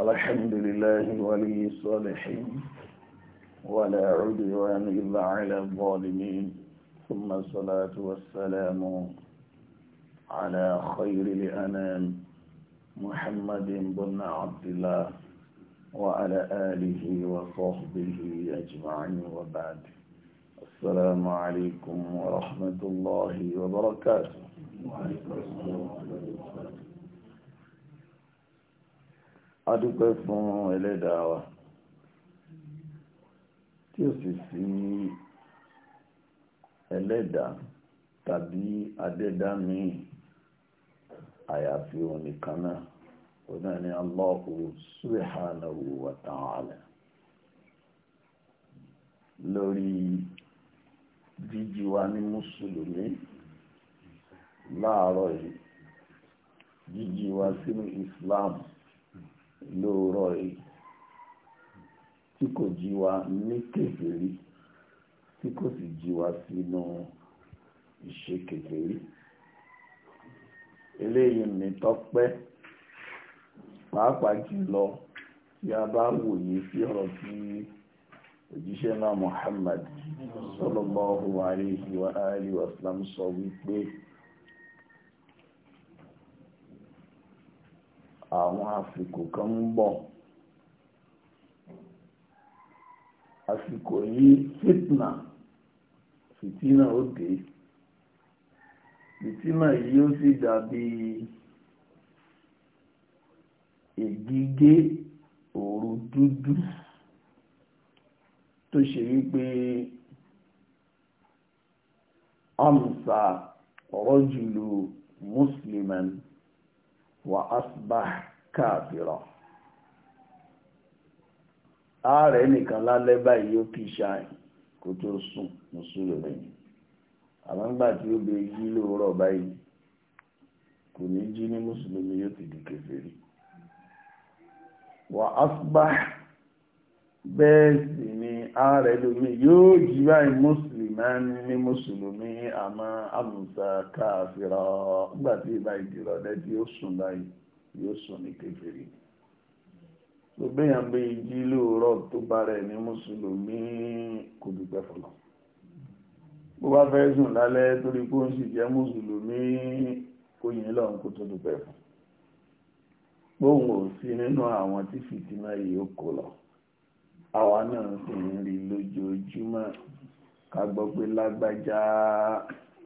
الحمد لله ولي الصالحين ولا عدوان إلا على الظالمين ثم الصلاة والسلام على خير الأنام محمد بن عبد الله وعلى آله وصحبه أجمعين وبعد السلام عليكم ورحمة الله وبركاته وعليكم السلام ورحمة الله a dúpẹ́ fún ẹlẹ́dàá wa tí ó sì sí ẹlẹ́dàá tàbí adẹ́dá míì àyàfi òun nìkan náà òun náà ni Allahu subhanahu wa ta'ala lórí jíjí wa ní mùsùlùmí láàárọ̀ yìí jíjí wa sínú Islam. lóòrọ̀ yìí tí kò jí wa ní kèfèrí tí kò sì jí wa sínú ìṣe kèfèrí eléyìí ní tọ́pẹ́ pàápàá jùlọ tí a bá wòye sí ọ̀rọ̀ tí òjíṣẹ́ náà Muhammad sallallahu alaihi wa alihi àwọn àsìkò kan ń bọ̀ àsìkò yìí fitna fìtínà ó dé yìí ó sì dàbí òru dúdú tó ṣe wípé amsa rọ́jùlù musliman. wà asbah káàfìrọ̀ ààrẹ nìkan lálẹ́ báyìí yóò kí ṣáà kó tó sùn mùsùlùmí àmọ́ nígbà tí ó bẹ yí lóòrọ̀ báyìí kò ní jí ní mùsùlùmí yóò ti di kèfèrí wà bẹ́ẹ̀ sì ni ààrẹ lómi yóò jí báyìí mùsùlùmí máa ń ní mùsùlùmí àmọ́ àmùsà káàfìrà nígbà tí ìbá ìdìrọ̀ lẹ́tí yóò sùn báyìí yóò sùn ní kékeré tó gbéyàn bí jí lóòrọ̀ tó bá rẹ̀ ní mùsùlùmí kò dùpẹ́ fọlọ́ bó bá fẹ́ sùn lálẹ́ torí kó ń sì jẹ́ mùsùlùmí kó yìn lọ́run kó tó dùpẹ́ fún bóun ò sí nínú àwọn tí fìtínà yìí ó kó lọ àwa náà sì ń rí lójoojúmọ́ ká gbọ́ pé lágbájá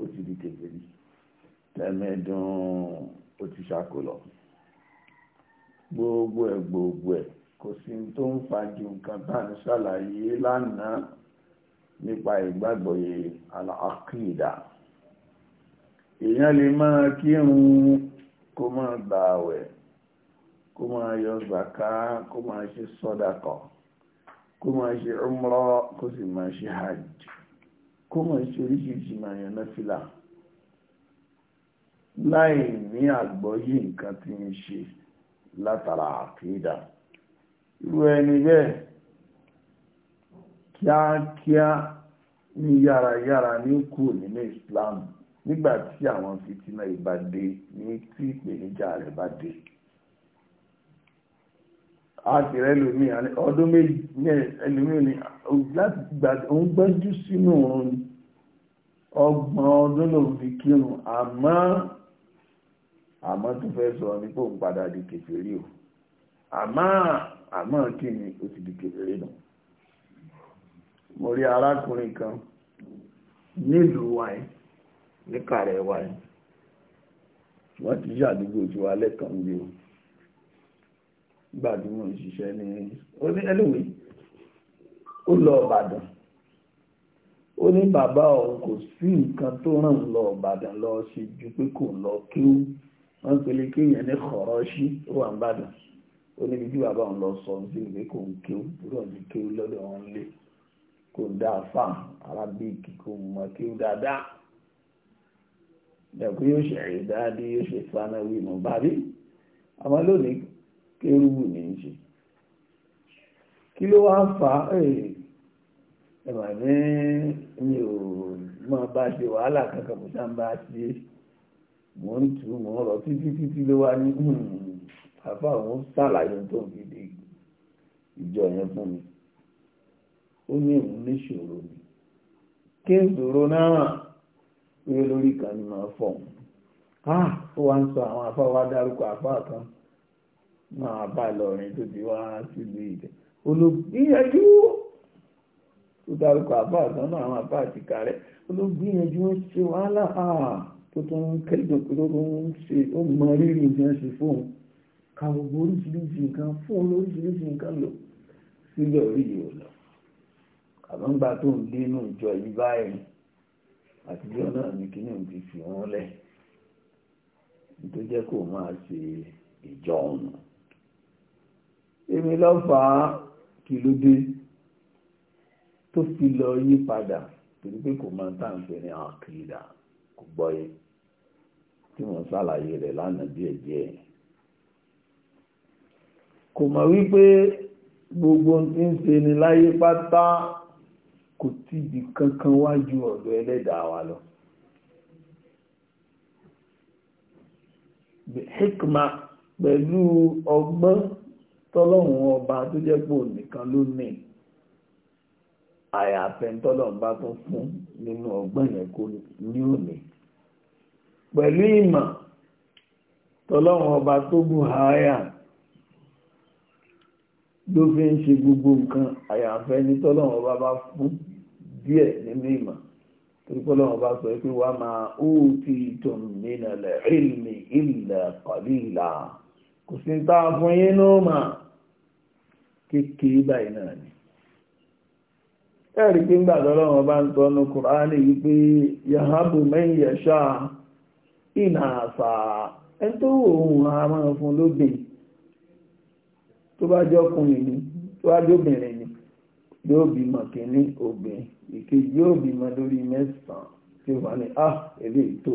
ó ti di kèfèrí tẹ́mẹ́dùn ó ti ṣàkólọ gbogbo ẹ̀ gbogbo ẹ̀ kò sí tó ń fa ju nǹkan tá à ń ṣàlàyé lánàá nípa ìgbàgbọ́yé àkìdá èèyàn lè máa kírun kó máa gbà àwẹ̀ kó máa yọ zàká kó máa ṣe sọ́dàkọ̀ kó máa ṣe umrah kó sì máa ṣe hajj kó mọ̀ sí oríṣiríṣi máa yan náfìlà láì ní àgbọ́yé nǹkan tí ń ṣe látara àkídà irú ẹni bẹ́ẹ̀ kíákíá ní yárayára ní kú nínú Islam nígbà tí àwọn fitina ìbá dé ní tí ìpèníjà rẹ̀ bá dé àti rẹ̀ lómi ọdún méjì ní ẹlòmí ni láti gbà òun gbẹ́jú sínú òun ọgbọ̀n ọdún lòun fi kírun àmọ́ àmọ́ tó fẹ́ sọ ní kó ń padà di kèfèrí o àmọ́ àmọ́ kí ni ó ti di kèfèrí nù mo rí arákùnrin kan nílùú wáyé ní kàrẹ̀ wáyé wọ́n ti yàdúgbò tí wà lẹ́kàn gbé wọn gbàdúmọ̀ ìṣiṣẹ́ ní orí ẹlòmí ó lọ ọ̀bàdàn ó ní bàbá òun kò sí nǹkan tó ràn lọ ọ̀bàdàn lọ sí ju pé kò lọ kí ó wọ́n pèlè kéèyàn ní kọ̀rọ̀ sí ó wà ń bàdàn ó níbi tí bàbá òun lọ sọ sí ìwé kò ń kí ó rọ̀ ní kí ó lọ́dọ̀ òun lé kò dá fà arábíkì kò mọ kí ó dáadáa ẹ̀kú yóò ṣe àyè dáadé yóò ṣe fanáwí mọ̀ bàbí àmọ́ lónìí kérúbù ní í ṣe kí ló wá fà á ẹ̀wà ní mi ò máa bá ṣe wàhálà kankan kò sáà bá ṣe mò ń tù mò ń rọ títí títí ló wá ní hmm, àfa òun ṣàlàyé tó ń fi dé ìjọ yẹn fún mi ó ní òun níṣòro ni kí n ṣòro náà pé lórí kan ni màá fọ̀ ọ́n ah, ó wá ń sọ àwọn afáwá dárúkọ kan máa bá lọ́rin tó ti wá sílùú ìdẹ olùgbìyànjú tó dárúkọ àbá àtọ́nà àwọn àbá àti kààrẹ olùgbìyànjú ń ṣe wàhálà tó tó ń kẹ́dùn pé tó ń ṣe ó mọ rírì nǹkan ṣe fóun kàwògbò oríṣiríṣi nǹkan fóun lóríṣiríṣi nǹkan lò sílẹ̀ orí yìí lọ àbọ̀ǹgbà tó ń dénú ìjọ yìí báyìí àtijọ́ náà ní kí ní òun ti fi wọ́n lẹ̀ nítorí jẹ́ kó máa ṣe ìjọ ọ̀nà èmi ló fà á kí ló dé tó fi lọ yí padà torí pé kò máa ń tà ń pè ní àkìdá kò gbọ́ yé tí wọ́n ṣàlàyé rẹ̀ lánàá díẹ̀ díẹ̀ kò mọ̀ wípé gbogbo tí ń ṣe ni láyé pátá kò tíbi kankan wájú ọ̀dọ̀ ẹlẹ́dàá wa lọ. hikma pẹ̀lú ọgbọ́n tọ́lọ́run ọba tó jẹ́ pò nìkan ló ní àyàfẹ́ tọ́lọ́run bá tó fún nínú ọgbọ́n yẹn kó ní òní pẹ̀lú ìmọ̀ tọ́lọ́run ọba tó bù háyà ló fi ń ṣe gbogbo nǹkan àyàfẹ́ ní tọ́lọ́run ọba bá fún díẹ̀ nínú ìmọ̀ torípọ́lọ́ ọba sọ pé wà máa ó ti tún nínú ilẹ̀ ìlmi illa qalila kò sí ń ta fún yín náà máa kékeré báyìí náà ni ẹ̀rí pé ńgbà tọ́lọ́wọ́n bá ń tọ́nu kùránì wípé yahabu mẹ́yìn yẹ̀ṣà ìnà àṣà ẹ tó òun àmọ́ fún lóbìn tó bá jọ́kùnrin ni tó bá jóbìnrin ni yóò bímọ kìíní obìn ìkejì yóò bímọ lórí mẹ́sàn-án tí wọ́n ní ah èlé ètò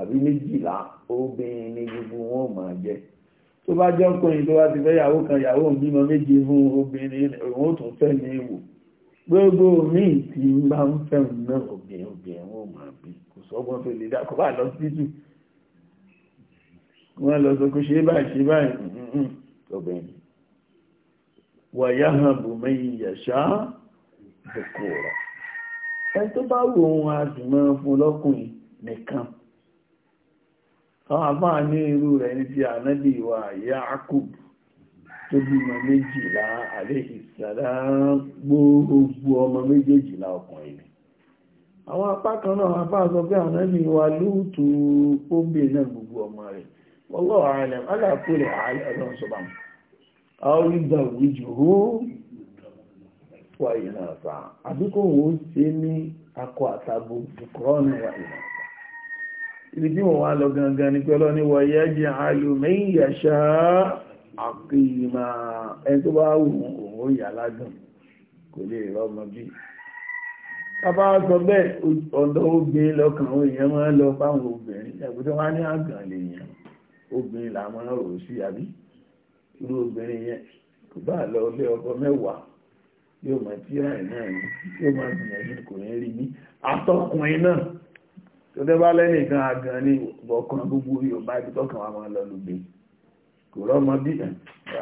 àbí méjìlá obìnrin ni gbogbo wọn máa jẹ́ tó bá jọ ń kọyìn tó wá ti fẹ́ yàwó kan yàwó bímọ méje fún obìnrin òun ó tún fẹ́ ní ìwò gbogbo míì tí ń bá ń fẹ́ náà obìnrin obìnrin wọn máa bí kò sọ́gbọ́n tó lè dákọ̀ bá lọ sí jù wọ́n lọ sọ kó ṣe báyìí ṣe báyìí obìnrin wàyá hàn bùnmẹ́yìn yẹ̀ṣá ẹ̀kọ́ rẹ̀ ẹni tó bá wù ohun àdùnmọ́ fún lọ́kùnrin nìkan àwọn àbá ní irú rẹ̀ ní ti ànábì wa Yakub tó bímọ méjìlá alayhi salam gbogbo ọmọ méjèèjìlá ọkùnrin àwọn apá kan náà apá sọ pé ànábì wa Lúùtù pọ́ńbé náà gbogbo ọmọ rẹ̀ wallahu a'lam aláàkúrẹ̀ àlẹ́rọ̀ sọ́bà àwọn ìgbà òwújò ó wà ìlànà àbíkò wọ́n ṣe ní akọ ibi tí wọ́n wá lọ gangan ní pẹ́lọ́ ní wọ̀yẹ́ jẹ́ alùmíyàṣá àpìmà ẹni tó bá wù òun ó yà lágàn kò lè rọmọ bí bàbá sọ bẹ́ẹ̀ ọ̀dọ́ obìnrin lọ́kàn èèyàn máa ń lọ fáwọn obìnrin ẹ̀kùtọ́ wá ní àgàn lèèyàn obìnrin làwọn rò sí àbí irú obìnrin yẹn kò bá lọ ilé ọkọ mẹ́wàá yóò máa tíra ẹ̀ yóò máa gbìyànjú kò ní rí ní atọ́kùnrin náà tó tẹ́ bá lẹ́nìkan àgàn ní bọ̀kan gbogbo Yorùbá ibi tọ́kàn wa máa lọ lóbe kò rọ́mọ bí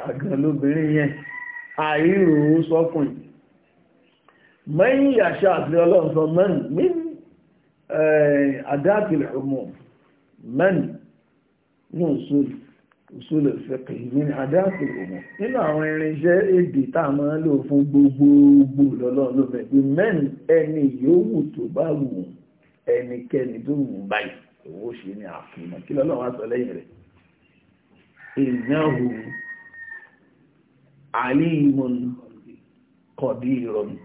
àgàn lóbìnrin yẹn àìrò sọ́kùn mẹ́yìn àṣà àti ọlọ́run sọ mẹ́rin mí àdáàtìlẹ̀ ọmọ mẹ́rin ní òṣòlù òṣòlù ìfẹ́kẹ̀ ìyẹn àdáàtì òmò nínú àwọn irinṣẹ́ èdè tá máa lò fún gbogbogbò lọ́lọ́run ẹnikẹ́ni tó wù báyìí owó ṣe ní àfihàn kí lọ́lọ́ wá sọ lẹ́yìn rẹ̀ ìnáhù àlímùn kọ̀dí ìrọ̀mù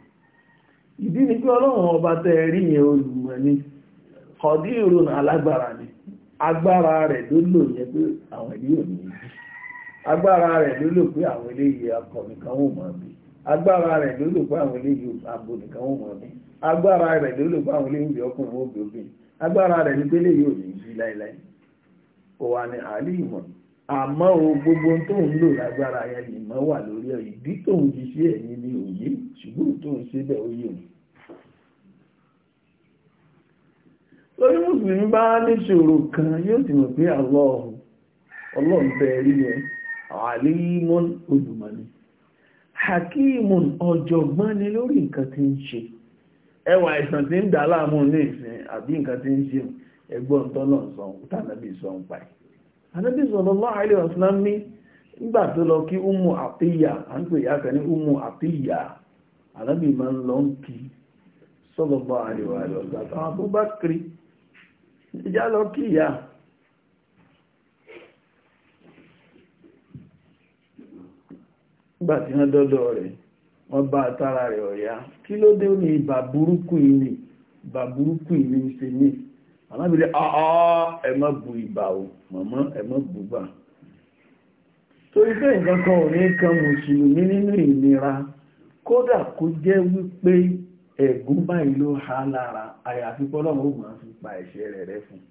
ìdí ni pé ọlọ́run ọba tẹ rí yẹn olùmọ̀ ni kọ̀dí ìrọ̀nà alágbára ni agbára rẹ̀ ló lò yẹ pé àwọn ilé ò ní ibi agbára rẹ̀ ló lò pé àwọn ilé yìí akọ̀ nìkan ò mọ̀ bí agbára rẹ̀ ló lò pé àwọn ilé yìí abo nìkan ò mọ̀ bí agbára rẹ̀ ló lò báwọn ilé ìwé ọkùnrin òbí obìnrin agbára rẹ̀ ní pélé yóò ní sí láíláí ó wà ní o gbogbo tó ń lò lágbára yẹn lè wà lórí ìdí tó ń fi ṣe ẹ̀yìn ni òye ṣùgbọ́n tó ń ṣe bẹ́ẹ̀ ó òun lórí mùsùlùmí bá kan yóò sì mọ̀ pé rí olùmọ̀ni ni lórí nǹkan ń ṣe ẹwà ìsàn tí ń dà láàmú ní ìsìn àbí nǹkan tí ń ṣe ẹgbọ́n tọ́nà sọ̀n tànàbí sọ̀n pa ẹ̀. ànábì sallallahu nọ wasallam ní nígbà tó lọ kí umu àtìyà à ń pè ya kan ní umu àtìyà ànábì máa ń lọ ń kí lọ wọ́n bá tára rẹ̀ ọ̀yá kí ló dé ní ibà burúkú ìní ibà ìní ní alábìlẹ̀ ọ̀ọ́ ẹ̀mọ́ bu o mọ̀mọ́ ẹ̀mọ́ bu torí pé nǹkan kan mùsùlùmí nínú ìnira kódà kó wípé ẹ̀gún báyìí ló ha lára àyàfi pọ́lọ́mù ó fi pa rẹ̀ rẹ́ fún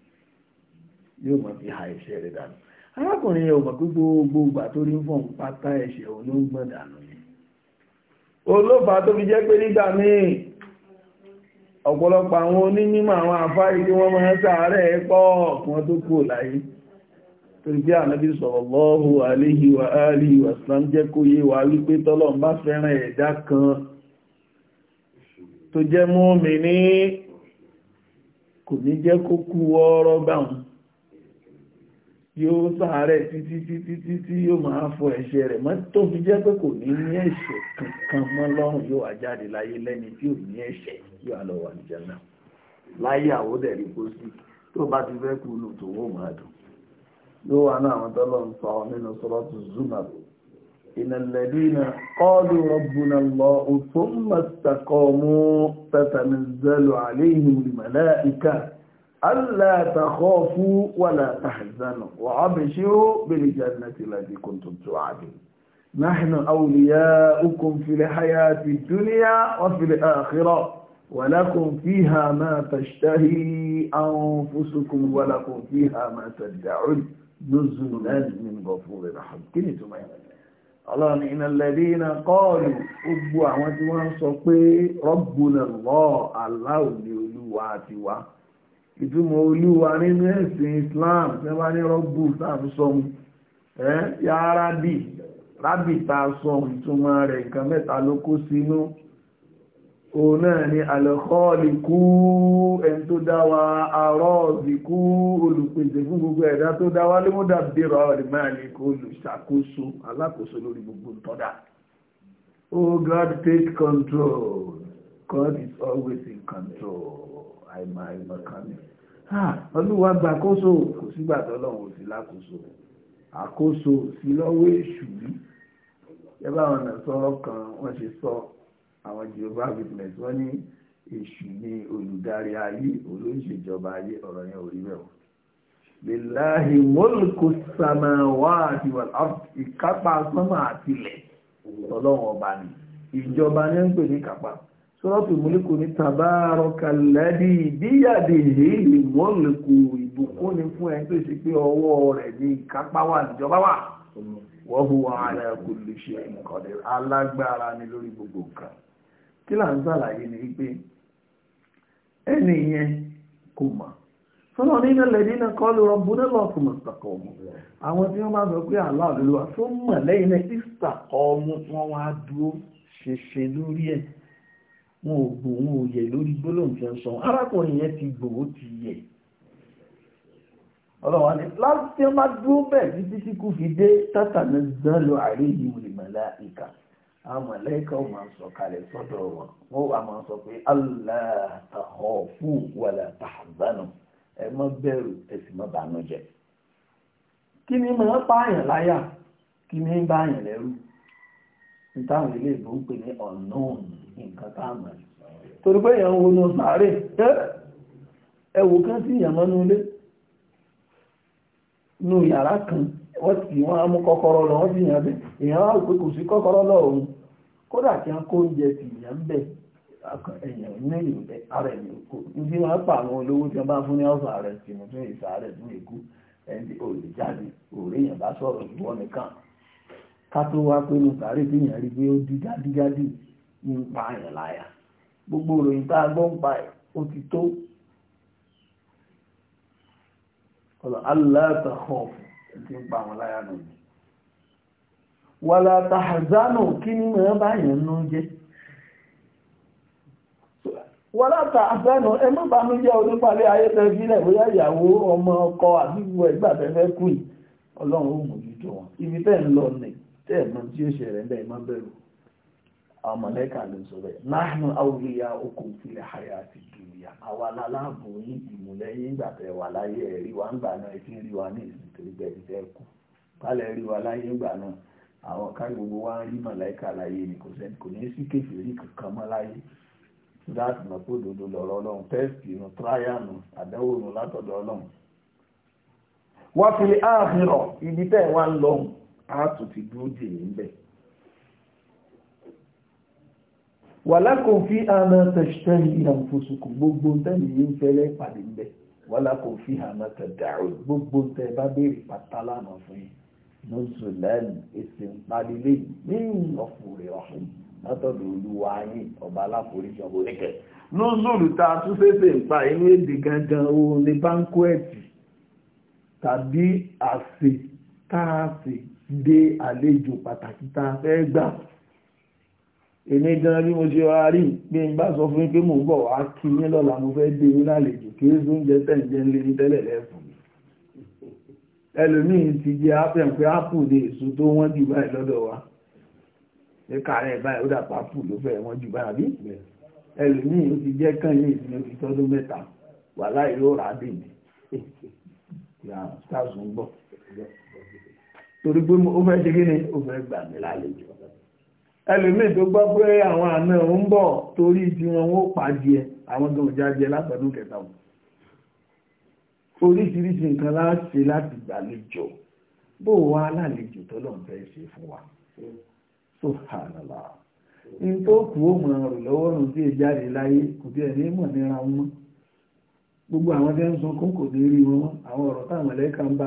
olófà tó fi jẹ́ pé nígbà míì ọ̀pọ̀lọpọ̀ àwọn onímọ̀ àwọn àfáì tí wọ́n máa ṣàárẹ̀ pọ̀ kí wọ́n tó kú láyé sallallahu aléhi wa alihi wa sallam jẹ́ kó yé wa wípé tọ́lọ́run tó jẹ́ mùmínì kò ní jẹ́ yóò sàárẹ̀ títí títí títí yóò máa fọ ẹ̀ṣẹ̀ rẹ̀ mọ́ tó fi jẹ́ pé kò ní ní ẹ̀ṣẹ̀ kankan mọ́ lọ́rùn yóò wá jáde láyé lẹ́ni tí ò ní ẹ̀ṣẹ̀ yóò á lọ wà ní jẹ́nà láyé àwòdẹ̀rí kó sí tó bá ti fẹ́ kú nù tó wọ́n máa dùn yóò wà náà àwọn tọ́lọ́ ń sọ nínú sọ́lọ́tù zuma ìnàlẹ́dínà kọ́ọ̀lù rọ̀bùnà lọ òfin mọ̀tàkọ́mú tẹ̀tàmìzẹ́lù àléhùn ألا تخافوا ولا تحزنوا وأبشروا بالجنة التي كنتم توعدون نحن أولياؤكم في الحياة الدنيا وفي الآخرة ولكم فيها ما تشتهي أنفسكم ولكم فيها ما تدعون نزلا من غفور رحيم كنت ما الله إن الذين قالوا أبوا وانتوا سقي ربنا الله الله لولواتي ìtumọ̀ olúwa nínú ẹ̀sìn Islam tẹ́wà ní rọ́gbù sáàfisọ́mù ẹ́ yá rábì rábì ta ìtumọ̀ rẹ̀ nǹkan mẹ́ta ló kó sínú òun náà ni alẹ́kọ́ọ̀lì kú ẹni tó dá arọ́ọ̀dì kú olùpèsè fún gbogbo ẹ̀dá tó dá wa lómúdà bèrò máa ní kó olùṣàkóso alákòóso lórí gbogbo ntọ́dà Oh God, take control. God is always in control àìmọ̀ àìmọ̀ kan ni olúwa gbàkóso kò sígbà tọ́lọ́run ò sí lákòóso àkóso sí lọ́wọ́ èṣù yìí ẹ bá wọn sọ̀rọ̀ kan wọ́n ṣe sọ àwọn Jehovah witness wọ́n ní èṣù ni olùdarí ayé olóṣèjọba ayé ọ̀rọ̀ yẹn ò rí bẹ́ẹ̀ wọ́n lèláhì mọ́lùkù sàmàwà àti ìkápá sánmà àtilẹ̀ ọlọ́run ọba ni ìjọba ní ń pè ní kápá sọ́rọ́pù ìmúlíkù ní tàbárọ̀kàlẹ́dì bíyàdì ìlú ìmọ̀lẹ́kù ìbùkún ni fún ẹni tó ṣe pé ọwọ́ rẹ̀ ní ìkápá wà níjọba wà wọ́n hu ara kò lè ṣe ìkọ̀dẹ̀ alágbára ni lórí gbogbo nǹkan kí là ń ṣàlàyé ni wípé ẹni yẹn kò mọ̀ sọ́nà nínú lẹ́dí náà kọ́ ló rọ́bù náà lọ́ fún ọmọ àwọn tí wọ́n bá sọ pé àlá òlúwa tó mọ̀ lẹ́yìn náà ìsàkọ́ ọmọ wọn wá dúró ṣeṣe lórí ẹ̀ wọn ò gbò wọn ò yẹ lórí gbólóhùn tí ń sọ arákùnrin yẹn ti gbò ó ti yẹ ọlọ́wà ní láti ọmọ dúró bẹ́ẹ̀ títí tí kú fi dé tátànà gbọ́n lọ àárẹ̀ yìí wòlé mọ̀lá ìkà àwọn mọ̀lẹ́kà ò máa sọ kalẹ̀ sọ́dọ̀ wọn wọ́n wà máa sọ pé aláàtàhọ́ fún wàlà tàbánù ẹ má bẹ̀rù ẹ sì má kí ni máa pààyàn láyà kí ni ń bààyàn lẹ́rù táwọn ilé ìbò ń pè ní unknown nǹkan táàmù torí pé èèyàn wo ní sàárè ẹwù kan sí ìyàmọ́ ní ilé nú yàrá kan wọ́n ti wọ́n á mú kọ́kọ́rọ́ lọ wọ́n sì yàn bẹ̀ èèyàn wá pé kò sí kọ́kọ́rọ́ lọ òun kódà kí wọ́n kó oúnjẹ yàn ara ẹ̀yìn òkú wọ́n pa àwọn olówó tí wọ́n bá fún ní ọ̀sán tún tún èkú ẹni ká tó wá pé mo sàárè tí èèyàn rí pé ó dígádígádì ní ń pa àyàn láyà gbogbo ìròyìn tá a gbọ́ ń pa ẹ̀ ó ti tó ọ̀lọ́ aláàtàkọ̀ọ̀fù ti ń pa àwọn láyà nù ní wàlá tàhàzánù kí ní mọ̀ báyàn ń jẹ́ wàlá tàhàzánù ẹ mọ́ bá mi jẹ́ onípàlẹ̀ ayẹ́tẹ́ sílẹ̀ bóyá ìyàwó ọmọ ọkọ àbígbò ẹgbàtẹ́fẹ́ kùn ọlọ́run ó mú jùjọ wọn ibi tẹ́ ń lọ nìí tẹ́ ẹ̀mọ́ tí ó ṣẹlẹ̀ ńbẹ́ ẹ̀mọ́ bẹ̀rù àwọn mọ̀lẹ́kà ló sọ ya láàánú áwùríyá okùn filẹ̀ àyà àti dùnìyà àwa láláàbò yín ìmùlẹ́yìn ìgbà tẹ̀ wà láyé ẹ̀rí wa ń gbà náà etí ń rí wa wa gbogbo wa àtò ti dúró dè ní bẹ̀. wàlá kò fi àmà tẹ̀sítẹ́lì ìyànfòsùkù gbogbo tẹ́lì yìí ń fẹ́lẹ́ pàdé ń bẹ̀ wàlá kò fi àmà tẹ̀dàrú gbogbo tẹ́ bá béèrè pátá lánàá fún yìí nùsùlẹ́nì èsì ń palilé yìí ọ̀fùrẹ́ ọ̀hún látọ̀dọ̀ olúwa yìí ọba aláforíjọ oníkẹ́ nùsùlù ta tún ń pa inú èdè gangan òun ní báńkúẹ̀tì tàbí àsè tá dé àlejò pàtàkì tá a fẹ́ gbà èmi gan bí mo ṣe wá rí bí n bá sọ fún yín pé mò ń bọ̀ wá kí yín lọ́la mo fẹ́ dé yín lálejò kí ó ń jẹ tẹ̀jẹ̀ ńlẹ̀ ní tẹ́lẹ̀ lẹ́fún mi ẹlòmíín ti jẹ ápẹ̀m pé ápù ní èso tó wọ́n jù báyìí lọ́dọ̀ wa ẹ̀ka rẹ̀ báyìí ó dàpọ̀ ápù ló fẹ́ wọ́n jù báyìí ẹlòmíín ti jẹ́ kàn yín ìsinmi ó ti tọ́dún mẹ́ta wà láì ló rà á dè mí torí pé ó fẹ́ ṣe kí ni ó fẹ́ gbà mí lálejò tó gbọ́ pé àwọn àna ń bọ̀ torí wọn ó àwọn tó ń jáde kẹta wọn oríṣiríṣi nǹkan láti láti gbàlejò bó wá lálejò tó lọ́n fẹ́ ṣe fún wa tó tó ó mọ̀ ọ̀rọ̀ lọ́wọ́ tí láyé kò tí ẹ̀ ní gbogbo àwọn tẹ́ ń sọ kún kò ní rí wọn àwọn ọ̀rọ̀ táwọn ẹlẹ́ka ń bá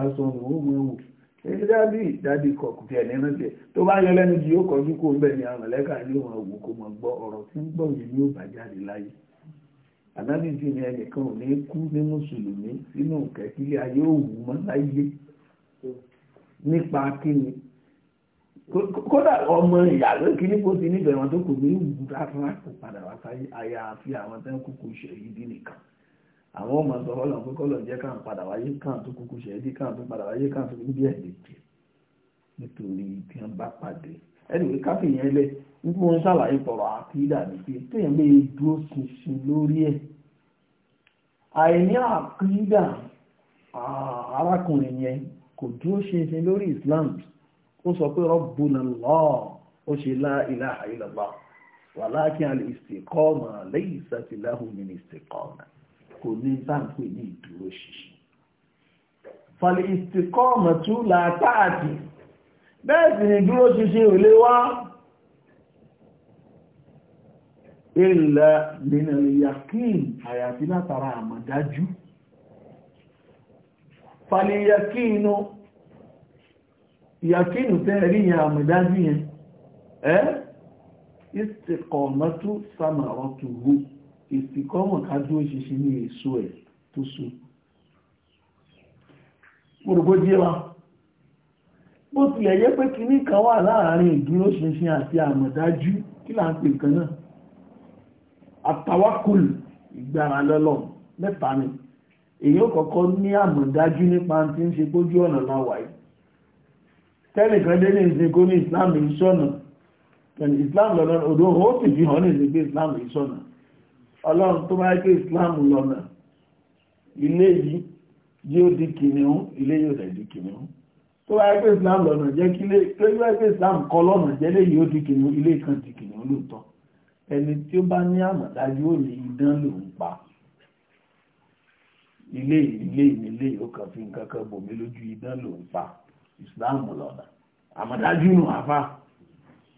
èyí dábì dábì kọ̀kù tí ẹ̀ní rántí ẹ̀ tó bá yọ lẹ́nu jí ó kọjú kó bẹ́ẹ̀ ni àwọn ẹ̀lẹ́kà ní òun ọ̀wọ̀ kó mọ̀ gbọ́ ọ̀rọ̀ tí ń gbọ́ yìí ní ó bà jáde láyé ànábì ni ẹnìkan ò ní kú ní mùsùlùmí sínú kẹ̀kílẹ̀ ayé òwú mọ́ láyé nípa kíni kódà ọmọ ìyàwó kìíní kó ti níbẹ̀ wọn tó kù ní ìwúrà fún padà wá sáyé àyàfi àwọn tẹ́ńkù kò ṣèyí dín nìkan àwọn ọmọ sọ fọlọ pé kọlọ jẹ káà padà wáyé káà tó kúkú ṣẹdí káà tó padà wáyé káà tó kúkú bí ẹdẹ jẹ nítorí tí wọn bá pàdé ẹni pé káfí yẹn lẹ nígbà wọn ṣàlàyé tọrọ àkídà ní pé téèyàn lè dúró ṣinṣin lórí ẹ àìní àkídà arákùnrin yẹn kò dúró ṣinṣin lórí Islam ó sọ pé rọ́bùnà lọ́ọ̀ ó ṣe lá ilaha illallah wàlákí al-istiqama laysa lahu min istiqama kò ní sáǹpé ní ìdúró ṣinṣin fàlì ìsìnkọ́ ọ̀mọ̀tún làtààtì bẹ́ẹ̀ sì ni ìdúró ṣinṣin ò lè wá ilẹ̀ nínú yakin àyàfi látara àmọ̀dájú fàlì yakinu yakinu tẹ́rí yẹn àmọ̀dájú yẹn ẹ́ ìsìnkọ́ ọ̀mọ̀tún sàmàrọ̀ tó hù ìsìkọ́mọ̀ ká dúró ṣinṣin ní èso ẹ̀ tó so mo rò bó jẹ́ wa bó tilẹ̀ yẹ pé kinní kan wà láàárín ìdúró ṣinṣin àti àmọ̀dájú kí là ń pè nǹkan náà àtàwákùlù ìgbára lọ́lọ́ mẹ́ta ni èyí ó kọ́kọ́ ní àmọ̀dájú nípa tí ń ṣe gbójú ọ̀nà láwà yìí tẹ́nìkan dé ní ìsìn kó ní islam ìṣọ́nà islam lọ́nà odò ó sì fi hàn ní ìsìn pé islam ìṣọ́nà ọlọ́run tó máa kí islam lọ́nà ilé yìí yóò di kìnìún ilé yóò dẹ̀ di kìnìún tó bá yẹ islam lọ́nà jẹ́ kí ilé tó yẹ pé islam kọ́ lọ́nà jẹ́ lé yóò di kìnìún ilé kan di kìnìún lóòótọ́ ẹni tí ó bá ní àmọ̀dájú ò lè idán lòún pa ilé ilé ilé yóò kàn fi nǹkan kan bòmí lójú idán lòún pa islam lọ́nà àmọ̀dájú nù àfáà.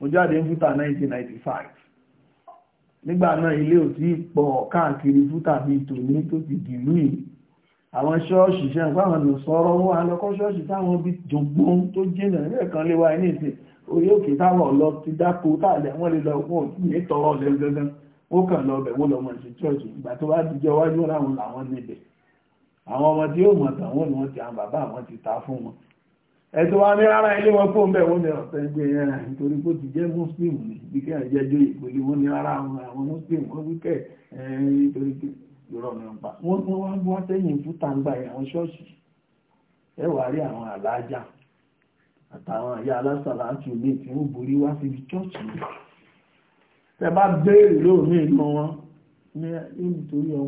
mo jáde ní fúta 1995 nígbà náà ilé ò tí pọ̀ káàkiri fúta bí tòní tó ti dìlú yìí àwọn ṣọ́ọ̀ṣì ṣe ń fáwọn ọ̀nà sọ̀rọ̀ wọn alọ́kọ́ ṣọ́ọ̀ṣì táwọn bí jọgbọ́n tó jìnà ẹ̀kan lé wa ní ìsìn orí òkè táwọn ọ̀lọ́ ti dákó táàlẹ̀ wọ́n lè lọ fún òkè tọrọ lẹ́nu gangan ó kàn lọ bẹ̀ wọ́n lọ mọ̀ sí ṣọ́ọ̀ṣì ìgbà tó wá dijọ́ wájú láwọn làwọn níbẹ̀ àwọn ọmọ tí ó mọ̀ tàwọn ni wọ́n ti àwọn bàbá àwọn ti ta fún wọn ẹ̀tọ́ wa ní rárá ilé wọn fún bẹ̀ wọ́n ní ọ̀sẹ̀ ìgbé e ẹ̀rà nítorí pé ó ti jẹ́ muslim ní bíkẹ́ àjẹjọ́ ìpele wọn ní rárá àwọn muslim wọ́n wíkẹ́ nítorí pé ìrọ̀ mi ń pa wọ́n wá wá sẹ́yìn fún tàǹgbà àwọn ṣọ́ọ̀ṣì ẹ wà rí àwọn àlàájá àtàwọn àyà alásàlá àti omi tí nítorí ọmọ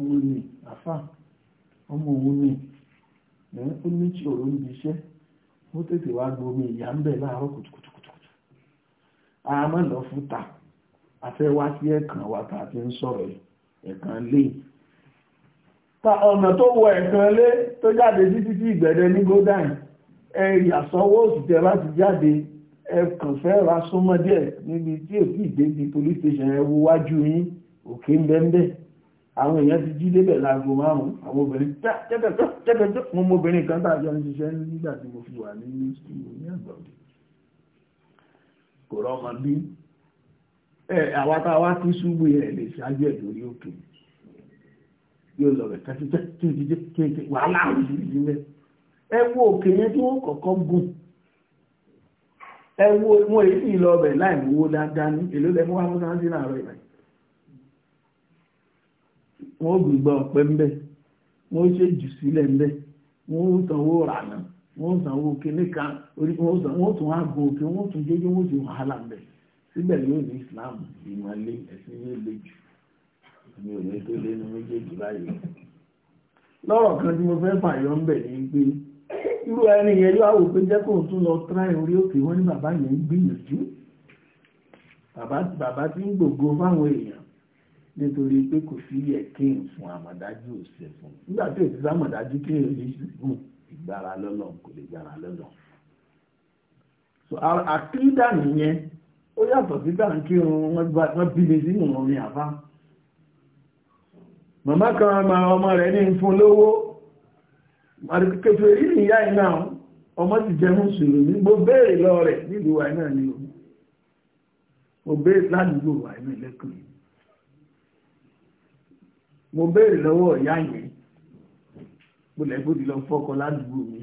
ọmọ òun ní ó ní ìṣòro níbi iṣẹ́ ó tètè wá gbomi ìyá ń bẹ̀ láàárọ̀ kùtùkùtùkùtù àmọ́ lọ fúta afẹ́ wá sí ẹ̀kan wa tá a ti ń sọ̀rọ̀ ẹ̀kan lé ta ọ̀nà tó wọ ẹ̀kan lé tó jáde títí tí ìgbẹ̀dẹ ní godan ẹ ìyàsọ́wọ́ òsìtẹ́ láti jáde ẹ fẹ́ ra súnmọ́ díẹ̀ níbi tí ò tí ì dé di police station ẹ wo wájú yín òkè ń bẹ́ńbẹ́ àwọn èèyàn ti jí lébẹ̀ láago márùn-ún àwọn obìnrin tẹ́tẹ̀tẹ́ mo mọ obìnrin kan tàbí ọ̀n ṣiṣẹ́ nígbà tí mo fi wà ní skul ní àgbàdo kò rọ́mọ bí àwa tá a wá kí ṣubú yẹn lè ṣáájú ẹ̀ lórí òkè yóò lọ rẹ̀ wo òkè yẹn tí wo wọn èyí lọ bẹ̀ láì mówó wọ́n gbígbọ́ ọ̀pẹ ńbẹ̀ wọ́n ṣe jù sílẹ̀ ńbẹ̀ wọ́n sanwó rànà wọ́n sanwó kíní kan orí wọ́n sanwó tún àgbo òkè wọ́n tún jẹ́jẹ́ wọ́n sì wàhálà ńbẹ̀ síbẹ̀ yóò ní Islam ìmọ̀lé ẹ̀sìn yóò le jù mi ò ní tó lé ní méjèèjì báyìí lọ́rọ̀ kan tí mo fẹ́ fàyọ ń bẹ̀ ní pé irú ẹni yẹn yóò àwò pé jẹ́ kó tún lọ tráì orí òkè wọ́n ní bàbá yẹn gbìyànjú bàbá tí ń gbògo fáwọn èèyàn nítorí pé kò sí ẹ̀kín fún àmọ̀dájú òsè fún nígbà tí òsì sàmọ̀dájú kí èyí sì gùn ìgbára lọ́lọ́ kò lè gbára lọ́lọ́ so àkídà nìyẹn ó yàtọ̀ sí dáńkì wọn bí mi sínú orin àbá màmá kan ọmọ rẹ̀ ní fún lówó kẹfẹ́ rí ìyá iná ọmọ ti jẹ mùsùlùmí mo béèrè lọ rẹ̀ nílùú wa náà ni mo béèrè ládùúgbò wa náà lẹ́kùnrin mo béèrè lọ́wọ́ ìyá yẹn mo lẹ́gbọ́dì lọ fọ́kọ ládùúgbò mi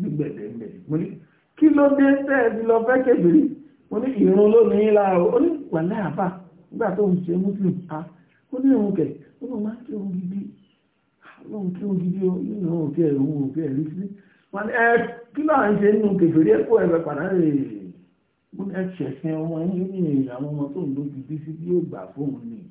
nígbẹ̀dẹ̀gbẹ̀ mo ní kí ló dé tẹ́ẹ̀bí lọ fẹ́ kébìrì mo ní ìrún ló ní lára o ó ní wàlẹ́ àbá nígbà tó ń ṣe muslim a ó ní ìrún kẹ̀ ó ní máa ń kí ohun gidi lóhun kí ohun gidi o ní ìrún òkè ìrún òkè ẹ̀rí sí wọn ẹ kí ló à ń ṣe nínú kẹfìrí ẹ̀kọ́ ẹ̀rẹ̀ padà rè é mo ní ẹ̀ ṣẹ̀sìn ọmọ yín ní ìlànà ọmọ tó ń lójú bí sí bí ó gbà fóun nìyí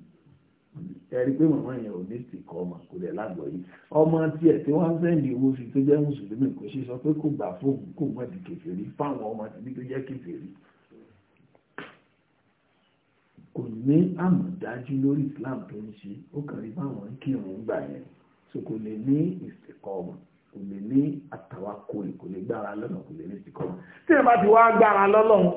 ẹ̀rí pé màmá yẹn ò ní sì kọ́ ọmọ kò dẹ̀ lágbọ̀ yìí ọmọ tiẹ̀ tí wọ́n ń sẹ́ndì owó sí tó jẹ́ mùsùlùmí kò ṣe sọ pé kò gbà fóun kò mọ̀ di kèfèrí fáwọn ọmọ tìbí tó jẹ́ kèfèrí kò ní àmọ̀dájú lórí Islam tó ń ṣe ó kàn rí báwọn kírun gbà yẹn so kò lè ní ìsìnkọ́ ọmọ kò lè ní àtàwákò kò lè gbára lọ́nà kò lè ní ìsìnkọ́ ọmọ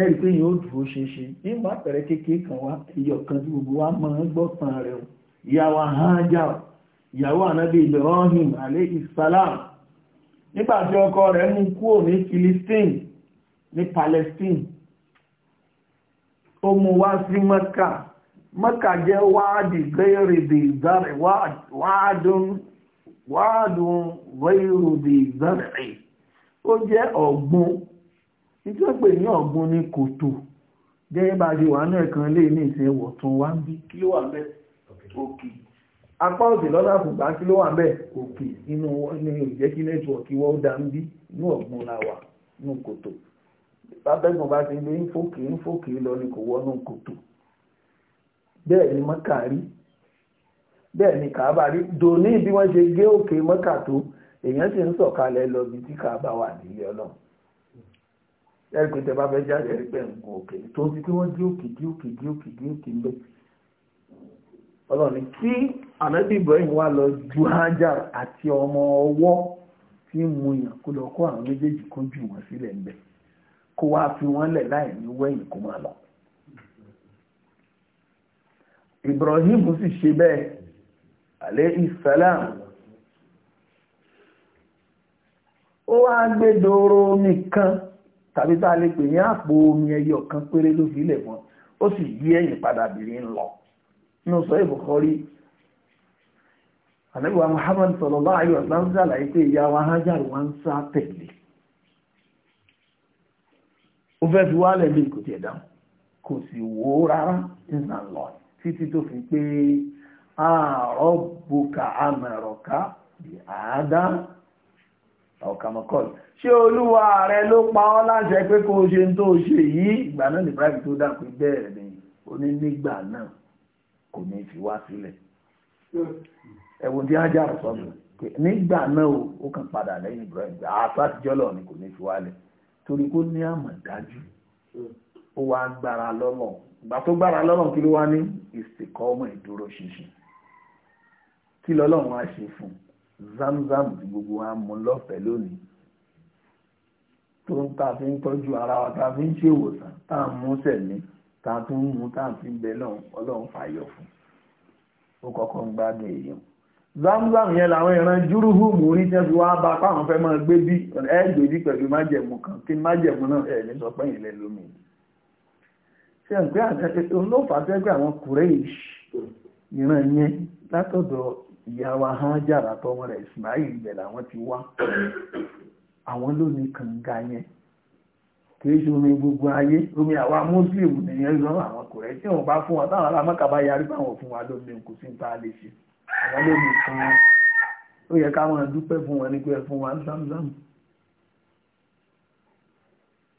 ẹ̀rí pé yóò dúró ṣinṣin nígbà pẹ̀rẹ̀ kékeré kan wá iyọ̀ kan tí gbogbo wa máa ń gbọ́ tán rẹ̀ o ìyàwó Hájà ìyàwó ànábì Ibrahim alayhi salam nígbà tí ọkọ rẹ̀ mú kúrò ní Philistine ní Palestine ó mú wá sí Mẹ́kà Mẹ́kà jẹ́ wáàdì gẹ́rẹ̀dẹ̀ ìzárẹ̀ wáàdùn wáàdùn gẹ́rẹ̀dẹ̀ ìzárẹ̀ ó jẹ́ ọ̀gbun nítorí pé ní ọ̀gbun ni kòtò gẹ́gẹ́ bá di wà náà kan lè ní ìsìn ẹwọ̀ tún wá ń bí kí ló wà ń bẹ̀ òkè apá òsì lọ́nà àfùgbà kí ló wà ń bẹ̀ òkè inú ní ìjẹ́ kí nẹ́tíwọ̀kì wọ́n ó dá ń bí inú ọ̀gbun la wà nínú kòtò bábẹ́gùn bá ti gbé ń fòkè ń fòkè lọ ni kò wọ́nú kòtò bẹ́ẹ̀ ni mọ́kà rí bẹ́ẹ̀ ni kàábà rí dòní bí wọ́n ṣe gé òkè mọ́kà tó èèyàn sì ń sọ̀kalẹ̀ lọ bí tí kàábà wà nílé ọlọ́run ẹ̀rí pé tẹ́bá fẹ́ jáde ẹ̀rí pé nǹkan òkè tó ti kí wọ́n dí òkè dí òkè dí òkè dí òkè ń bẹ̀. ọlọ́ni tí ànábì Ibrahim wá lọ ju Hajar àti ọmọ ọwọ́ tí ń mu yàn kó lọ kó àwọn méjèèjì kó jù wọ́n sílẹ̀ ń bẹ̀ kó wá fi wọ́n lẹ̀ láì ní wẹ́yìn kó máa lọ. Ibrahim sì ṣe bẹ́ẹ̀ alayhi salam ó wá gbé dòrò nìkan tàbí tá a lè pè ní àpò omi ẹyọ kan péré ló fi lẹ̀ fún ó sì yí ẹ̀yìn padà bìrì ń lọ nínú sọ ìbùkọ́rí àlẹ́wà Muhammad sallallahu alaihi wasallam ń sàlàyé pé ìyá wa Hajar wọn ń sá tẹ̀lé ó fẹ́ fi wálẹ̀ lè kò tiẹ̀ dáhùn kò sì wó rárá nǹkan lọ títí tó fi pé àárọ̀ bùkà àmọ̀rọ̀ká àádá ọ̀kàmọ́kọ́lù ṣé olúwa rẹ ló pa ọ́ láṣẹ pé kó o ṣe tó o ṣe yìí ìgbà náà ní private tó dà bẹ́ẹ̀ ni ó ní nígbà náà kò ní fi wá sílẹ̀ ẹ̀wọ̀n tí wọ́n jà sọ pé nígbà náà ó kàn padà lẹ́yìn Ibrahim àtọ́ àtijọ́ lọ ni kò ní fi wálẹ̀ torí kó ní àmọ̀dájú ó wá gbára lọ́lọ́ ìgbà tó gbára lọ́lọ́ kí ló wá ní ìsìnkọ́ ọmọ ìdúró ṣinṣin kí lọ́lọ́run á ṣe fún un zamzam tí gbogbo wa mú lọ́fẹ̀ẹ́ lónìí tó ń ta fi ń tọ́jú ara wa ta fi ń ṣèwòsàn tá à mú sẹ̀mí ta tún mú tá à ń fi bẹ ọlọ́run fàyọ̀ fún ó kọ́kọ́ ń gbádùn èèyàn zamzam yẹn làwọn ìran júrúhùmù orí tẹ́ fi wá bá páwọn fẹ́ máa gbé bí ẹ gbé bí pẹ̀lú májẹ̀mú kan kí májẹ̀mú náà ẹ̀ ní sọ pé ìlẹ̀ lómi ṣe ń pẹ́ àtẹ́kẹ́ tó ń lọ́fà tẹ́gbẹ́ àwọn kùrẹ́ẹ̀ṣì ìran yẹn látọ̀dọ̀ ìyá wa Hájàrà tọmọ rẹ̀ Ismail ibẹ̀ làwọn ti wá àwọn ló ní kànga yẹn kìí ṣe omi gbogbo ayé omi àwa muslim nìyẹn lọ àwọn kò rẹ tí wọn bá fún wa táwọn alámọ̀ká bá yarí báwọn fún wa lómi kò sí nípa lè ṣe àwọn lómi fún ó yẹ káwọn dúpẹ́ fún wọn ní fún wa zamzam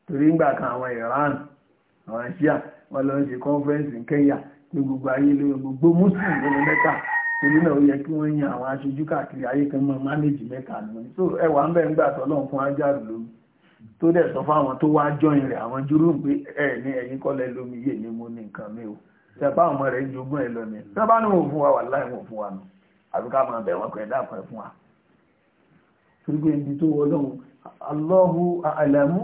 torí ńgbà kan àwọn Iran àwọn Ṣíà wọn lọ ń ṣe kọ́nfẹ́ǹsì Kenya ní gbogbo ayé lórí gbogbo muslim lórí mẹ́ta torí náà ó yẹ kí wọ́n yan àwọn aṣojú káàkiri ayé kan mọ́ mánéjì mẹ́ta lọ so ẹwà ń bẹ̀ ń gbà tọ́lọ́run fún ajáàrú lómi tó dẹ̀ sọ fáwọn tó wá jọyìn rẹ̀ àwọn júrú pé ẹ ní ẹ̀yin kọ́lẹ̀ lómi yé mi mú ní nǹkan mi o ṣẹ̀fà ọmọ rẹ̀ ń jogún ẹ lọ ni sábà ní wọn fún wa wà láì wọn fún wa nù àbí ká máa bẹ̀ wọn pẹ̀ dáàpọ̀ ẹ fún wa. torípé ibi tó wọ lọ́hùn Allahu a'lamu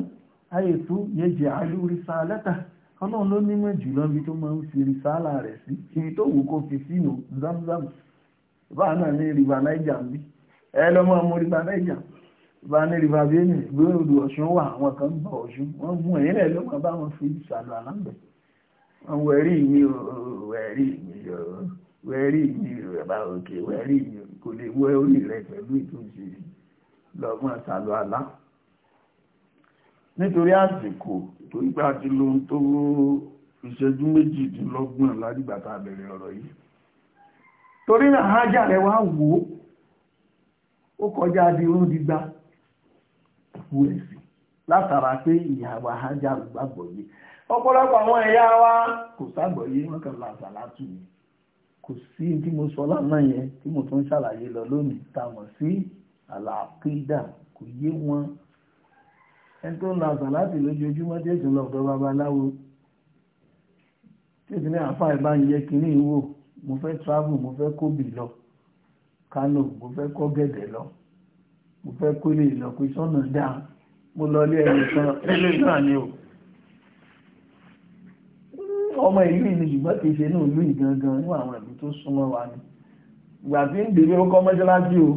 haythu yaj'alu risalata ọlọ́run ló nímọ̀ jùlọ ibi tó máa ń fi rìsáàlà rẹ̀ sí ibi tó wù kó fi sínú zamzam báà náà ní rìbá náíjà ń bí ẹ lọ́mọ mú rìbá náíjà bá ní rìbá bíẹ́nì ìgbé odò ọ̀ṣun wà àwọn kan ń bọ̀ ọ̀ṣun wọ́n mú ẹ̀yìn rẹ̀ lọ́mọ bá wọn fi sàlù àlámbẹ̀ wọn wẹ̀rí mi ò wẹ̀rí mi ò wẹ̀rí mi ò bá òkè wẹ̀rí mi kò lè wẹ́ orí rẹ̀ pẹ̀lú ìtúnṣe lọ́gbọ́n sàlù àlá nítorí àsìkò tó gbà ti lo tó ìṣẹ́jú méjìdínlọ́gbọ̀n ládìgbà bẹ̀rẹ̀ ọ̀rọ̀ yìí torí náà hajj rẹ̀ wá wò ó ó kọjá di irun dígbà wù ẹ̀sìn látara pé ìyàwó hajj gbàgbọ́ yìí ọ̀pọ̀lọpọ̀ àwọn ẹ̀yà wa kò ságbọ̀ yìí wọ́n kàn láàzà látù ni kò sí tí mo sọ lánàá yẹn tí mo tún ṣàlàyé lọ lónìí táwọn sí àlàkídà kò yé wọn ẹni tó ń láàzà láti lójoojúmọ́ tí èsì lọ́dọ̀ babaláwo tí èsì ní àáfàá ìbá ń yẹ kínní wò mo fẹ́ travel mo fẹ́ kóbì lọ Kánò mo fẹ́ kọ́ gẹ̀dẹ̀ lọ mo fẹ́ kólé lọ pé sọ́nà dáa mo lọ lé ẹni kan nílé náà ni o ọmọ ìlú ìlú ṣùgbọ́n kì í ṣe ní ìlú ìgangan ní àwọn ìlú tó súnmọ́ wa ni ìgbà tí ń dèrè ó kọ́ mọ́ṣáláṣí o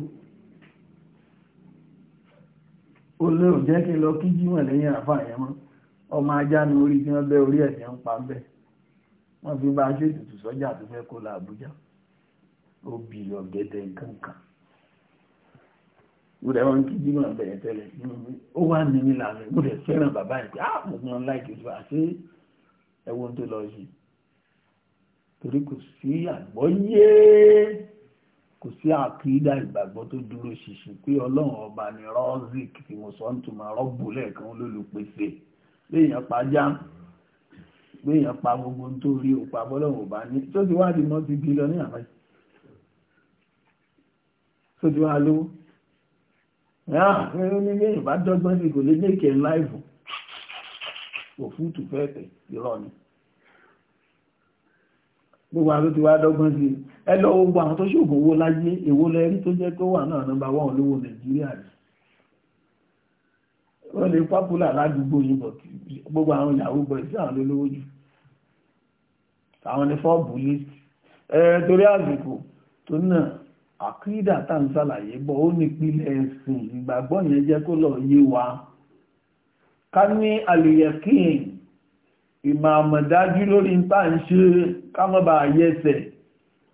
ó lé òjẹ́ kí n lọ kí jímọ̀ lẹ́yìn àfààyàn mọ́ ọmọ ajá ni orí tí wọ́n bẹ́ orí ẹ̀jẹ̀ ń pa bẹ́ẹ̀ wọ́n fi bá ṣètùtù sọ́jà tó fẹ́ kó lọ Àbújá ó bì lọ gẹ́tẹ̀ nǹkan kan mo dẹ̀ wọ́n kí jimá bẹ̀rẹ̀ tẹ́lẹ̀ ó wà ní mi lànà mo dẹ̀ fẹ́ràn bàbá yìí pé ah mo mọ láìkí ojú àti ẹ̀wọ̀n tó lọ yìí torí kò sí àgbọ́yé kò sí àkídà ìgbàgbọ́ tó dúró ṣinṣin pé ọlọ́run ọba ni rọ́ọ̀zì tí mo sọ ń rọ́ọ̀bù lẹ́ẹ̀kan olólùpèsè léèyàn pàjá pé èèyàn pa gbogbo tó rí òpá bọ́lọ́wọ̀ bá ní tó ti wá di mọ́tí bílíọ̀nù àmọ́ tó ti wá lówó ẹ̀rọ ní ilé ìbá dọ́gbọ́n sí kò lè lékè láìfù òfútù fẹ́ẹ̀fẹ́ irọ́ ni gbogbo àwọn tí wá dọ́gbọ́n sí ẹ lọ gbogbo àwọn tó ṣògùn owó láyé èwo lẹ́rí tó jẹ́ tó wà náà nọ́mbà wọ́n olówó nàìjíríà rẹ̀ wọ́n lè pápúlà ládùúgbò yìnbọn gbogbo àwọn ìyàwó bọ̀ sí àwọn olówó jù àwọn ní fọ́ọ̀bù list torí àsìkò tó náà àkídà tá ń ṣàlàyé bọ̀ ó nípìlẹ̀ ẹ̀sìn ìgbàgbọ́ yẹn jẹ́ kó lọ yé wa ká ní àlèyẹ̀kín ìmọ̀ àmọ̀dájú lórí nípa ń ṣe ká má bàa yẹsẹ̀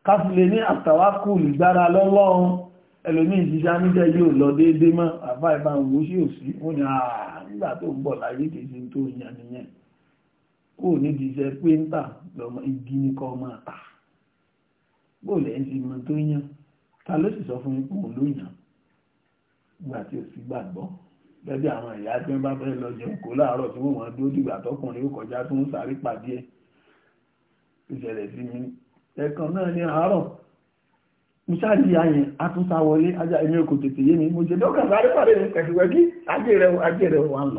ká sì lè ní àtàwákù ìgbára lọ́lọ́run ẹlòmí ìṣiṣẹ́ níjẹ́ yóò lọ déédéé mọ́ àfáìbá òwúṣí òsì ó ní nígbà tó ń bọ̀ láyé kìí tó yàn nìyẹn kò nídìí iṣẹ́ péńtà lọ́mọ igi ní kọ́ máa tà bóòlù ẹ̀ ń ti mọ tó yàn ta ló sì sọ fún yín kóun gbà tí ò sí gbàgbọ́ gẹ́gẹ́ àwọn ìyá tí wọ́n bá lọ jẹun kó láàárọ̀ tí wọ́n dúró dìgbà tọkùnrin ó kọjá tó ń sáré pàdé ẹ̀ ìṣẹ̀lẹ̀ sí mi ẹ̀kan náà ní àárọ̀ mo ajá ẹni tètè yé mi mo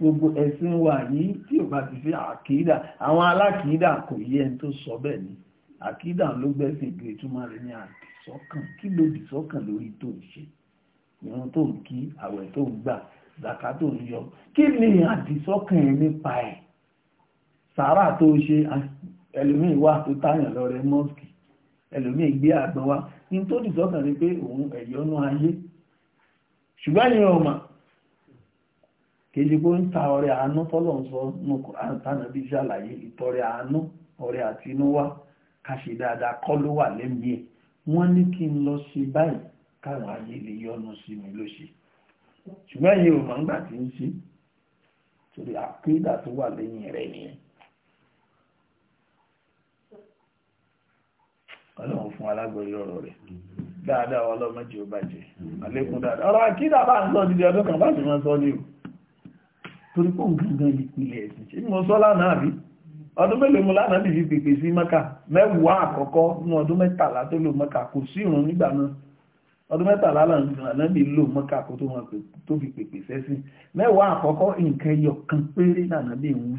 gbogbo ẹ̀sìn wa yìí tí ò bá ti fi àkídà àwọn alákìídà kò yẹ ẹni tó sọ bẹ́ẹ̀ ni àkídà ló gbẹ́sìn ìgbé túmọ̀ rẹ̀ ní àdìsọ́kàn kí ló dìsọ́kàn lórí tó ń ṣe ìran tó ń kí àwẹ̀ tó ń gbà zàká tó ń yọ kí ni àdìsọ́kàn ẹ̀ nípa ẹ̀ sàárà tó ṣe ẹlòmíì wà tó táyàn lọ rẹ mọ́ọ̀kì ẹlòmíì gbé àgbọn wá ní tó dìsọ́kàn ni pé òun ẹ̀yọ́nú ayé ṣùgbọ́n kejìgbó ń ta ọrẹ àánú tọ́lọ̀ ń sọ nù àtànà bí ṣàlàyé ìtọrẹ àánú ọrẹ àtinúwá kàṣe dáadáa kọ́ ló wà lẹ́mìí ẹ̀ wọ́n ní kí n lọ sí báyìí káwọn ayé lè yọnu sí mi lóṣì ṣùgbọ́n ẹ̀yin ò mọ̀ nígbà tí ń ṣe torí àkéèdà tó wà lẹ́yìn rẹ̀ nìyẹn. ọlọ́run fún alágbòrí ọ̀rọ̀ rẹ̀ dáadáa ọlọ́mọ ó bàjẹ́ àlékún dáadáa ọ̀rọ̀ àkídà bá ń sọ torí pọ̀ gangan ìpìlẹ̀ ẹ̀sìn ṣe mọ́ sọ́lá náà rí ọdún mélòó mú lánàá bí pèpè sí mẹ́kà mẹ́wàá àkọ́kọ́ ní ọdún mẹ́tàlá tó lò mẹ́kà kò sí ìrun nígbà náà ọdún mẹ́tàlá lánàá bí lò mẹ́kà kó tó fi pèpè sẹ́sìn mẹ́wàá àkọ́kọ́ nǹkan ẹyọ kan péré lánàá bí wí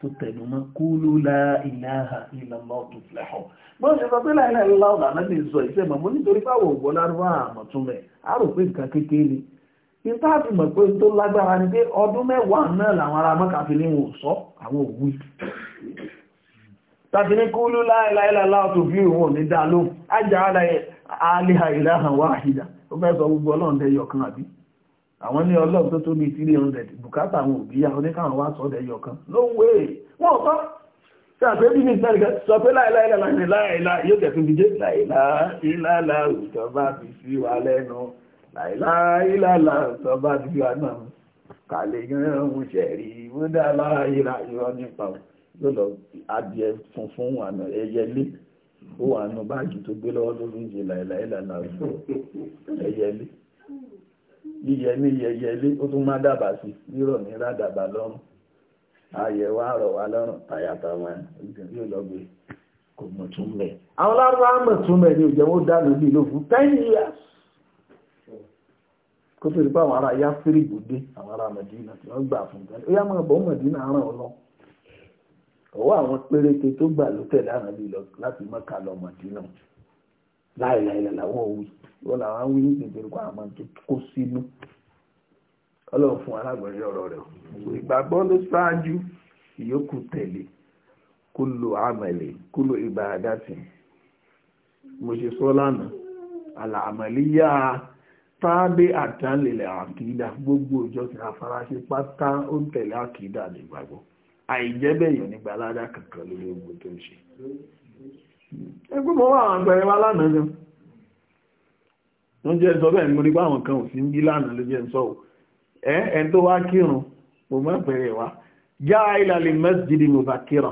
tó tẹnu mọ́ kúlú la ilaha illallah tó filẹ̀ hàn bọ́n ṣe sọ pé láìláìlá ọ̀làná lè sọ ìta àti mọ̀ pé tó lágbára ni pé ọdún mẹ́wàá náà làwọn ará mọ́ka fi ní wọn sọ àwọn òwú tàbí ní kúlú láìláìláà tó fi òun ní dá lóhùn ájá aláìhà ìlàhàn wá àhìdà ó gbogbo sọ láìláìlàlà sọ bá ti gbà náà kàlẹ̀ yẹn ń ṣẹ̀rí wọ́n dá láìlà irọ́ nípa yóò lọ adìẹ funfun àná ẹyẹlé ó wà nù báàgì tó gbé lọ́wọ́ lórí ìṣe láìláìlàlà ẹyẹlé yíyẹ ní yẹyẹlé ó tún má dábàá sí rírọ̀ ní rádàbà lọ́rùn àyẹ̀wò àrọ̀ wa lọ́rùn tàyàtà wọn yóò lọ gbé kò mọ̀ tún mẹ́ àwọn lárúbáwá mọ̀ tún mẹ́ ni òjẹ̀wò dá lórí ìlú fún ten years kó tó di pé àwọn ará yásírì gbòdé àwọn ará mẹdínà tí wọ́n gbà fún gan ó yá máa bọ̀ mẹdínà ràn ọ lọ ọwọ́ àwọn péréte tó gbà ló tẹ̀lé àrùn bí lọ láti mọ́ka lọ mẹdínà láìláìlà làwọn òwì wọn làwọn wí ní ìgbèrú kó àwọn tó kó sínú ọlọ́run fún alágbọ̀nrín ọ̀rọ̀ rẹ̀ ìgbàgbọ́ ló ṣáájú ìyókù tẹ̀lé kúlò àmàlẹ̀ kúlò ìbàdàtì mo ṣe tábé àtàlélẹ̀ àkìdá gbogbo ìjọsìn afárasí pátá ó ń tẹ̀lé àkìdá nígbàgbọ́ àìjẹ́bẹ̀ èèyàn nígbà aládá kankan lórí ogun tó ń ṣe ẹgbẹ́ mọ́ àwọn àgbẹ̀rẹ̀ wa lánàá gan wọ́n jẹ́ sọ bẹ́ẹ̀ mo rí pé àwọn kan ò sí ń ló jẹ́ ń sọ ẹ tó wá kírun wa já ìlàlẹ̀ mẹ́sìdìdì mo bá kíra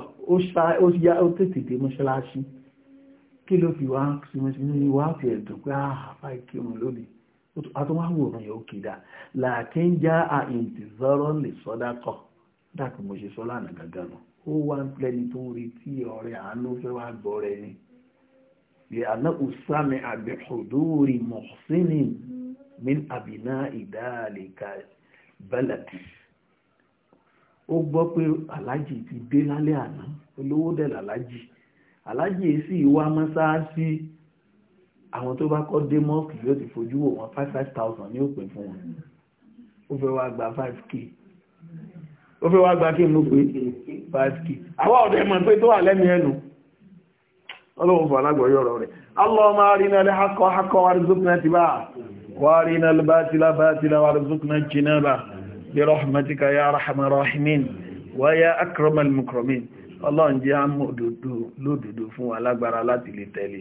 ó yá ó tètè dé mọ́ṣáláṣí kí ló fi wá àtúnwáwòrán yóò kìdá làákín já a ìtìzọ́rọ̀ lè sọ́dá kọ́ dákùn mo ṣe sọ lánàá gangan nù ó wá ń plẹ́ni tó ń retí ọ̀rẹ́ àánú fẹ́ wá gbọ́ rẹ ni ìyànà usami àbẹ̀hùdúrì mọ̀sínì min àbìná ìdáàlìkà bẹ́lẹ̀tì ó gbọ́ pé aláàjì ti dé lálẹ́ àná olówó dẹ̀ làlájì aláàjì èsì ìwà mọ́sáàsì àwọn tó bá kọ́ dé mọ́ọ̀kì yóò ti fojú wò wọn five five thousand ní òpin fún wọn ó fẹ́ wá gba five k ó fẹ́ wá gba kí n mú pé five k àwọn ọ̀dẹ́ mọ̀ pé tó wà lẹ́mìí ẹnu ọlọ́run fún alágbọ̀ọ́yọ̀ ọ̀rọ̀ rẹ̀ allahumma arina al-haqqa haqqan warzuqna ittiba'ah wa arina al-batila batila warzuqna ijtinabah برحمتك يا رحم الراحمين ويا أكرم المكرمين ọlọ́run jẹ́ àmọ́ òdòdó lódòdó fún alágbára láti lè tẹ̀lé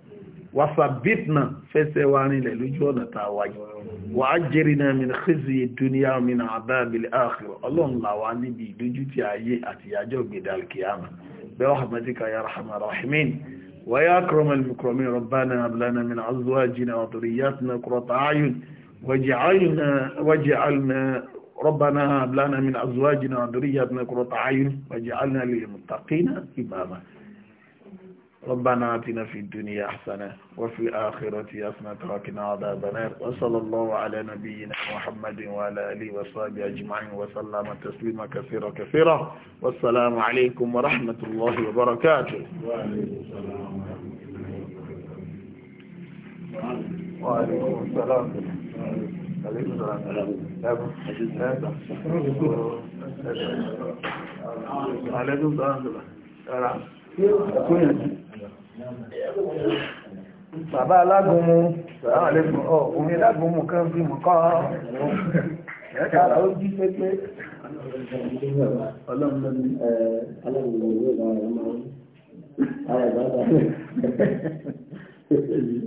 wasabitna fẹsẹ̀ wa rinlẹ̀ lójú ọ̀nà tá a wáyé wà á jẹ́rì náà min khizi dúníà min àdábìlì àkìrọ̀ ọlọ́run làwa níbi ìdójútì ayé àti ìyájọ́ gbèdàl kìámà bẹ́ẹ̀ rahmatika ya rahman rahimin wa ya akramal ربنا آتنا في الدنيا حسنة وفي الآخرة حسنة وقنا عذاب النار وصلى الله على نبينا محمد وعلى آله وصحبه أجمعين وسلم تسليما كثيرا كثيرا والسلام عليكم ورحمة الله وبركاته وعليكم السلام ورحمة الله وعليكم السلام عليكم السلام عليكم السلام Bàbá alágúnmu, àwọn àlẹ́gùn ọ̀, omi alágúnmu kan bí mọ̀ kọ́ ẹ̀kàrà ó jí pépé. Ọlọ́run lọ́nà alágúnmu ìwé ìlànà ọmọ ọmọ